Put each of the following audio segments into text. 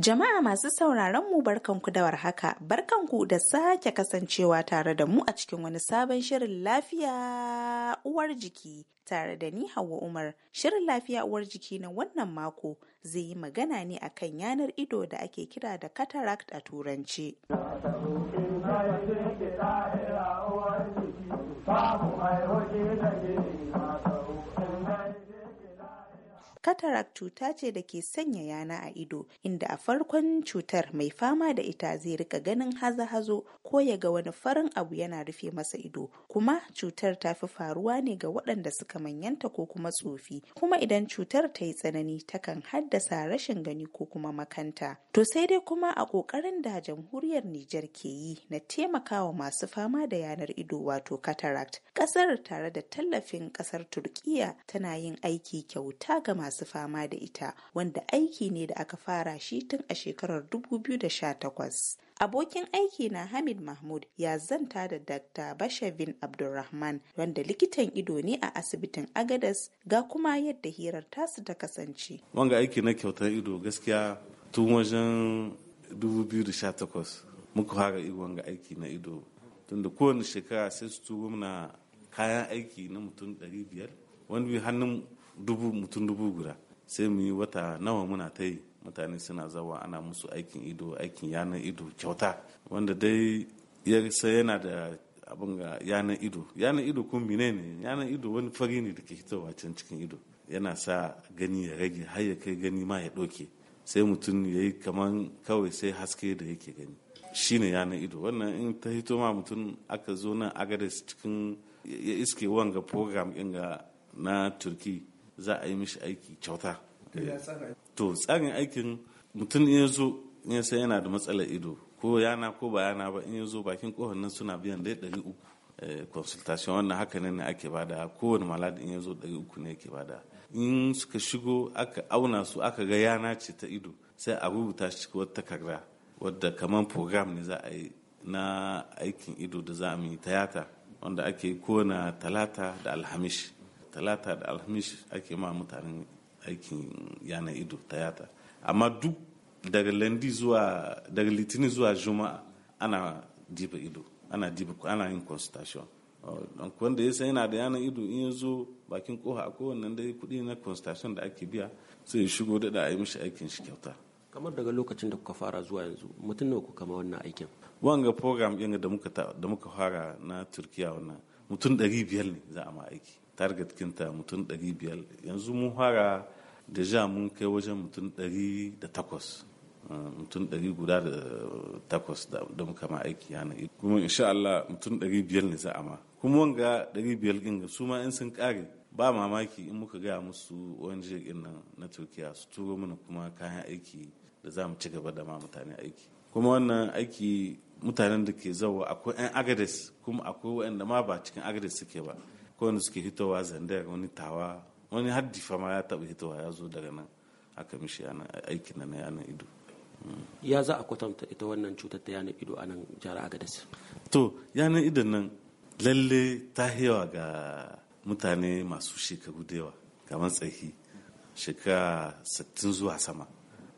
Jama'a masu sauraron mu barkanku da warhaka, barkanku da sake kasancewa tare da mu a cikin wani sabon shirin lafiya uwar jiki tare da ni Hauwa Umar. Shirin lafiya uwar jiki na wannan mako zai yi magana ne akan yanar ido da ake kira da cataract a turanci. mai Cataract cuta ce da ke sanya yana a ido, inda a farkon cutar mai fama da ita zai rika ganin hazo-hazo ko ya ga wani farin abu yana rufe masa ido. Kuma cutar ta fi faruwa ne ga waɗanda suka manyanta ko kuma tsofi. Kuma idan cutar ta yi tsanani takan haddasa rashin gani ko kuma makanta. To sai dai kuma a ƙoƙarin da jamhuriyar Nijar ke yi na taimakawa masu fama da yanar ido wato cataract. Ƙasar tare da tallafin ƙasar Turkiya tana yin aiki kyauta ga masu masu fama da ita wanda aiki ne da aka fara shi tun a shekarar 2018. Abokin aiki na Hamid Mahmud ya zanta da Dr. Bashavin Abdulrahman wanda likitan ido ne a asibitin Agadas ga kuma yadda hirar tasu ta kasance. Wanga aiki na kyautar ido gaskiya tun wajen 2018 muka fara wanga aiki na ido tunda kowane shekara sai su tuwo mana kayan aiki na mutum 500 wani hannun dubu mutum dubu guda sai mu yi wata nawa muna ta yi mutane suna zawa ana musu aikin ido aikin yanar ido kyauta wanda dai ya sai yana da abin ga yanar ido yanar ido kun mine ne yanar ido wani fari ne da ke hitowa can cikin ido yana sa gani ya rage har ya kai gani ma ya ɗauke sai mutum ya yi kaman kawai sai haske da yake gani shi ne yanar ido wannan in ta hito ma mutum aka zo nan agares cikin ya iske wanga program ɗin ga na turki za a yi mishi aiki kyauta to tsarin aikin mutum in ya zo ya san yana da matsalar ido ko yana ko ba yana ba in ya zo bakin kofar suna biyan dai ɗari uku eh, consultation wannan haka ne ake bada kowane maladi in ya zo ɗari uku ne yake bada in suka shigo aka auna su aka ga yana ce ta ido sai a rubuta shi cikin wata takarda wadda kamar program ne za a yi na aikin ido da za a yi yata wanda ake kona talata da alhamish talata da alhamis ake ma mutanen aikin yanar ido tayata amma duk daga lendi zuwa daga litini zuwa juma'a ana diba ido ana diba ana yin consultation don wanda ya san yana da yanar ido in ya zo bakin koha a kowanne ya kuɗi na consultation da ake biya sai ya shigo da a yi mishi aikin shi kyauta kamar daga lokacin da kuka fara zuwa yanzu mutum nawa kuka kama wannan aikin wanga program yanga da muka da muka fara na turkiya wannan mutum 500 biyar ne za a ma aiki target kinta mutum 500 yanzu mun fara da ja mun kai wajen mutum 800 ah, mutum 800 da muka ma aiki yana kuma insha Allah mutum 500 ne za a ma kuma wanga 500 din su ma in sun kare ba mamaki in muka gaya musu wani jirgin nan na turkiya su turo mana kuma kayan aiki da za mu ci gaba da ma mutane aiki kuma wannan aiki mutanen da ke zawo akwai 'yan agades kuma akwai wa'anda ma ba cikin agades suke ba ko wanda suke hitowa zandar wani tawa wani haddi fama ya taɓa hitowa ya zo daga nan aka mishi aikin na yanar ido ya za a kwatanta ita wannan cutar ta yanar ido a nan jihar agadas to yanar ido nan lalle ta hewa ga mutane masu shekaru da yawa kamar matsayi shekara 60 zuwa sama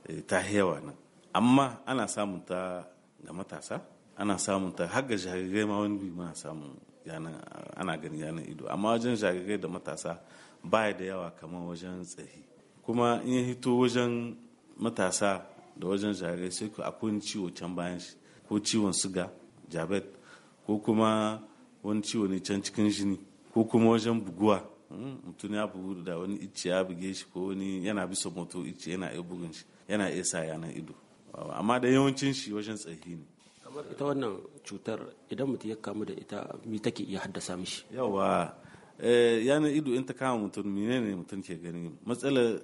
eh, ta hewa nan amma ana samun ta ga matasa ana samun ta har ga jarirai ma wani bi muna samun ana gani yanan ido amma wajen jarirai da matasa baya da yawa kamar wajen tsahi kuma in ya hito wajen matasa da wajen jarirai sai ku akwai ciwo can bayan shi ko ciwon suga jabet ko kuma wani ciwo ne can cikin jini ko kuma wajen buguwa hmm, mutum ya bugu da wani icce ya buge shi ko wani yana bisa moto icce yana iya bugun shi yana iya sa yanan ido amma da yawancin shi wajen tsahi ne kamar ita wannan cutar idan mutum ya kamu da ita mi take iya haddasa mishi yawa eh, yana ido in ta kama mutum menene mutum ke gani matsalar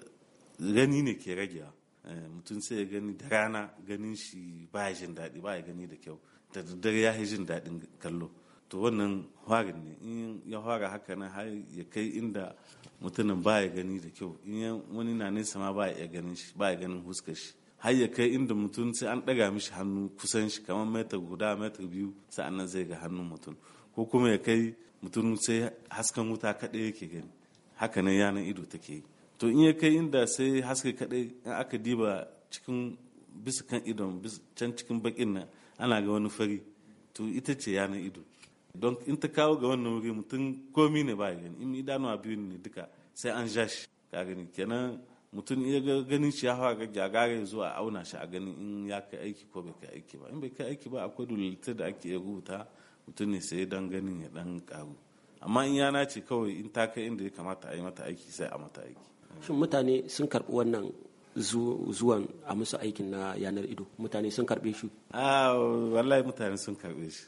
gani ne ke rage eh, mutum sai ya gani da rana ganin shi ba ya jin daɗi ba ya gani da kyau da daddare ya yi jin daɗin kallo to wannan harin ne in ya fara haka nan har ya kai inda mutumin ba ya gani da kyau in wani na nesa ma ba ya ganin shi ba ya ganin huskar shi har ya kai inda mutum sai an ɗaga mishi hannu kusan shi kamar mita guda mita biyu nan zai ga hannun mutum ko kuma ya kai mutum sai hasken wuta kaɗai yake gani haka nan yanan ido take yi to in ya kai inda sai haske kaɗai in aka diba cikin bisa kan idon can cikin bakin nan ana ga wani fari to ita ce yanan ido don in ta kawo ga wannan wuri mutum komi ne ba gani in idanuwa biyu ne duka sai an ja shi ka gani kenan mutum iya ganin shi ya ga gyagara zuwa auna shi a ganin in ya kai aiki ko bai kai aiki ba in bai kai aiki ba akwai dulita da ake rubuta mutum ne sai dan ganin ya dan karu amma in yana ce kawai in ta kai inda ya kamata a yi mata aiki sai a mata aiki shin mutane sun karbi wannan zuwan a musu aikin na yanar ido mutane sun karbe shi a wallahi mutane sun karbe shi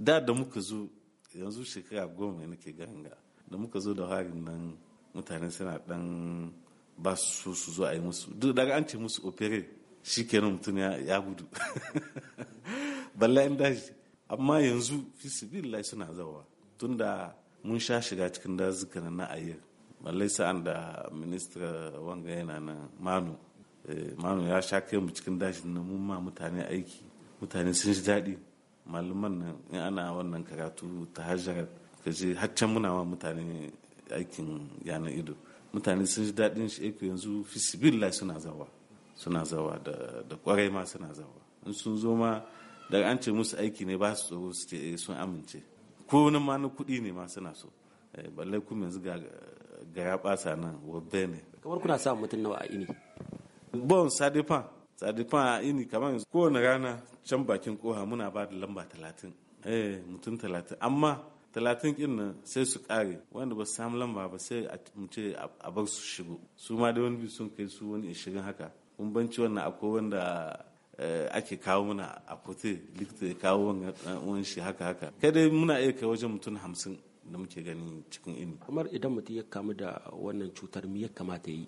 da da muka zo yanzu shekara goma nake ganga da muka zo da harin nan mutane suna dan ba su su zo a yi musu duk daga an ce musu opere shi kenan mutum ya gudu balla in daji amma yanzu fi sibilai suna zawa da mun sha shiga cikin dazuka na balla ballai an da ministra wanga yana na manu eh, manu ya sha kai mu cikin dashin na mun ma mutane aiki mutane sun ji daɗi malaman nan in ana wannan karatu ta hajjar ka je muna wa mutane aikin yanar ido mutane sun ji daɗin shi aiko eh, yanzu fisibilla suna zawa suna zawa da kwarai ma suna zawa in sun zo ma daga an ce musu aiki ne ba su tsoro su ce eh, sun amince ko wani ma na kuɗi ne ma suna so eh, balle kuma yanzu ga ya ɓasa nan wabbe ne kamar kuna samun mutum nawa a ini bon sadifan sadifan a ini kamar yanzu kowane rana can bakin koha muna ba da lamba talatin eh mutum talatin amma talatin kin nan sai su kare wanda ba su samu lamba ba sai mu ce a bar su shigo su ma da wani bi sun kai su wani ishirin haka banci wannan akwai wanda eh, ake kawo mana a kote likita ya kawo wani shi haka haka kai dai muna iya kai wajen mutum hamsin da muke gani cikin ini kamar idan mutum ya kamu da wannan cutar mu ya kamata yi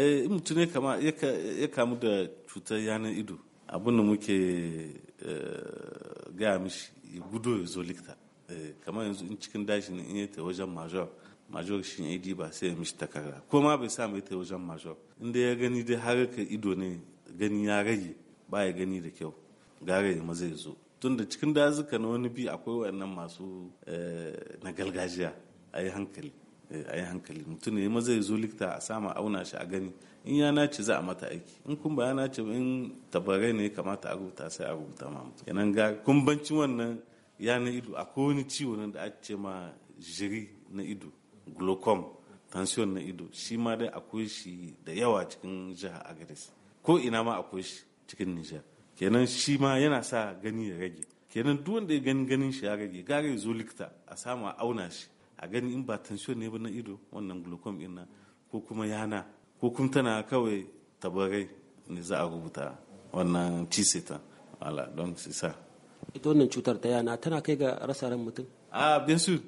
eh mutum ya kamu da cutar yanar ido abin da muke eh, gaya mishi ya gudo ya zo likita Eh, kamar yanzu in cikin dashi ne in ta wajen major major shi idi ba sai ya mishi takarda ko ma bai samu ta wajen major inda ya gani dai har ka ido ne gani ya rage ba ya gani da kyau gara ya maza ya zo tun da cikin dazuka na wani bi akwai waɗannan masu eh, na gargajiya a yi hankali eh, a yi hankali mutum ne maza ya zo likita a sama auna shi a gani in ya nace za a mata aiki in kun ba ya nace in tabarai ne kamata a rubuta sai a rubuta ma mutum yanan ga kumbancin wannan ya na ido akwai wani ciwo nan da ake ce ma jiri na ido glaucom tension na ido shi ma dai akwai shi da yawa cikin jihar agadis ko ina ma akwai shi cikin nijar kenan shi ma yana sa gani ya rage kenan duk wanda ya gani ganin shi ya rage gara ya zo likita a samu a auna shi a gani in ba tension ne ba na ido wannan glaucom ina ko kuma yana ko kuma tana kawai tabarai ne za a rubuta wannan cisita wala don sisa ita wannan cutar ta yana tana kai ga rasa ran mutum a bin su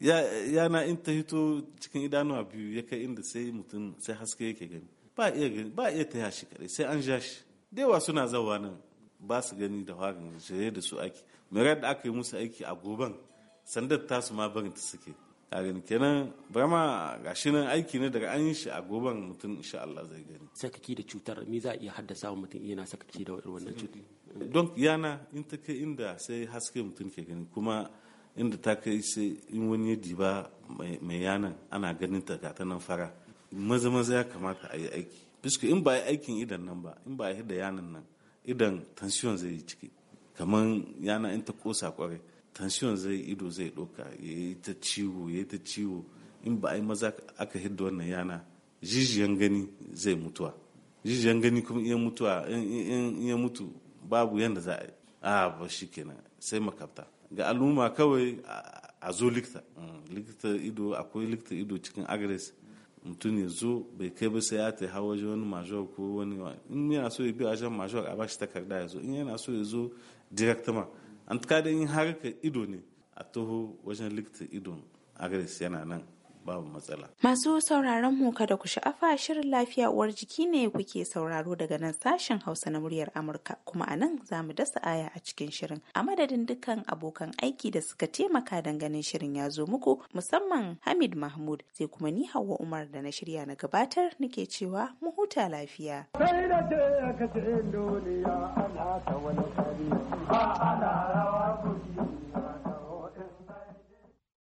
yana in ta hito cikin idanuwa biyu ya kai inda sai mutum sai haske yake gani ba iya gani ba iya ta yashi kadai sai an ja shi dewa suna zawa nan ba su gani da harin shirye da su aiki mai da aka yi musu aiki a goban sandar su ma barin ta suke a gani kenan brama gashi nan aiki ne daga an yi shi a goban mutum insha Allah zai gani sakaki da cutar me za a iya haddasa wa mutum yana sakaki da wannan cutar don yana in ta kai inda sai haske mutum ke gani kuma inda ta kai sai in wani ya diba mai yanan ana ganin ta ta nan fara maza maza ya kamata a yi aiki bisko in ba yi aikin idan nan ba in ba yi da yanan nan idan tension zai yi ciki kamar yana in ta kosa kwarai tension zai ido zai doka ya yi ta ciwo ya yi ta ciwo in ba yi maza aka hidda wannan yana jijiyan gani zai mutuwa jijiyan gani kuma iya mutuwa in ya mutu babu yadda za a yi a ba shi kenan sai makabta ga al'umma kawai a zo likita mm, likita ido akwai likita ido cikin agres mutum ya zo bai kai ba sai ya ta hawa waje wani major ko wani in yana so ya bi major a ba shi takarda ya zo in yana so ya zo directement an ta kada in harkar ido ne a taho wajen likita idon agres yana nan babu matsala. Masu sauraron mu kada ku sha'afa shirin lafiya uwar jiki ne kuke sauraro daga nan sashen Hausa na muryar Amurka kuma anan za mu dasa aya a cikin shirin. A madadin dukkan abokan aiki da suka taimaka ganin shirin ya zo muku musamman Hamid Mahmud sai kuma ni Hauwa Umar da na shirya na gabatar nake cewa mu huta lafiya. ba ana rawa